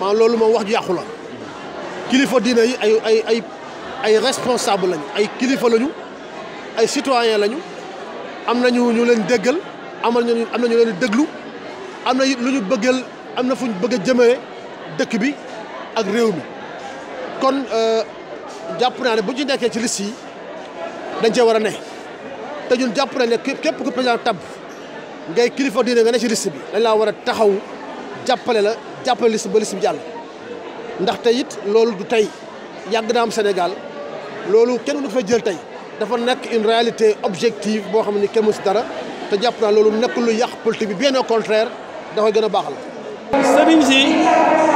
maa loolu moom wax ju yàqu la kilifa diina yi ay ay ay ay responsable lañu ay kilifa lañu ay citoyen lañu am nañu ñu leen déggal amal ñu am nañu leen déglu am na lu ñu bëggal am na fu ñu bëgg a dëkk bi ak réew mi kon euh, jàpp naa ne bu ñu nekkee ci liste yi dañ cee war a ne te ñun jàpp nañ ne képp ku président tab ngay kilifa diine nga ne ci liste bi dañ laa war a taxaw jàppale la jàppale liste ba liste bi jàll ndaxte it loolu du tey yàgg na am Sénégal loolu kenn du fa jël tey dafa nekk une réalité objective boo xam ne kenn mu si dara te jàpp naa loolu nekk lu yàq politique bi bi au contraire dafay gën a baaxal. sëriñ si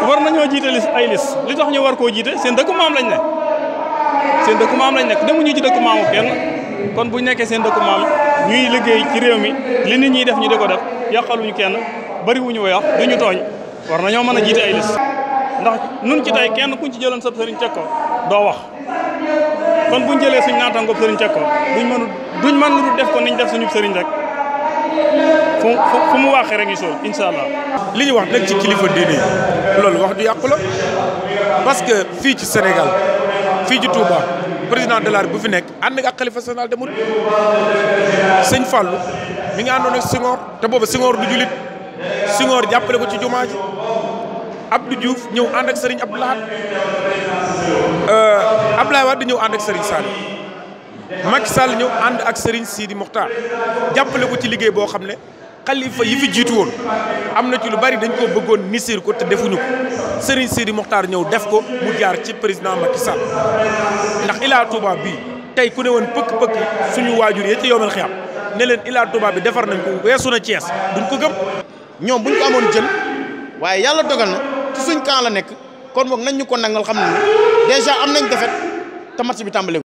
war nañoo jiite lis ay liste li tax ñu war koo jiite seen dëkku maam lañ nekk seen dëkku maam lañ nekk demuñu ci dëkku maamu kenn kon bu nekkee seen dëkku maam ñuy liggéey ci réew mi li nit ñiy def ñu di ko def yàqaluñu kenn bariwuñu wax duñu tooñ. war nañoo mën a jiite ay liste ndax nun ci tey kenn kuñ ci jëloon sab sëriñ teg doo wax kon bu jëlee suñ naataangoog sëriñ teg ko duñ mën duñ mën lu def ko niñ def suñu sëriñ rek fu mu waxee rek ñu soo incha allah. li ñu wax nag ci kilifa diine yi loolu wax du yàqu la parce que fii ci Sénégal fii ci Touba président de la République bu fi nekk ànd ak xalifa général des sëñ Fallou mi ngi àndoon ak Senghor te boobu Senghor du julit Senghor jàppale ko ci jumaa ji Abdou Diouf ñëw ànd ak Serigne Abdou Lahad euh, Abdoulaye Wade ñëw ànd ak Serigne Saliou Macky Sall ñëw ànd ak Serigne Sidi Mokhtar jàppale ko ci liggéey boo xam ne xalifa yi fi jiitu woon am na ci lu bari dañ ko bëggoon nisir ko te defuñu ko Serigne Sidi Mokhtar ñëw def ko mu jaar ci président Macky Sall ndax Ila Touba bi tey ku ne woon pëkk-pëkk suñu waajur yi ci yombal xiyam ne leen Ila Touba bi defar nañ ko weesu na Thiès duñ ko gëm. ñoom bu ñu ko amoon jël waaye yàlla dogal na ci suñ camp la nekk kon boog nañ ñu ko nangal xam ne déjà am nañ defet te match bi tàmbale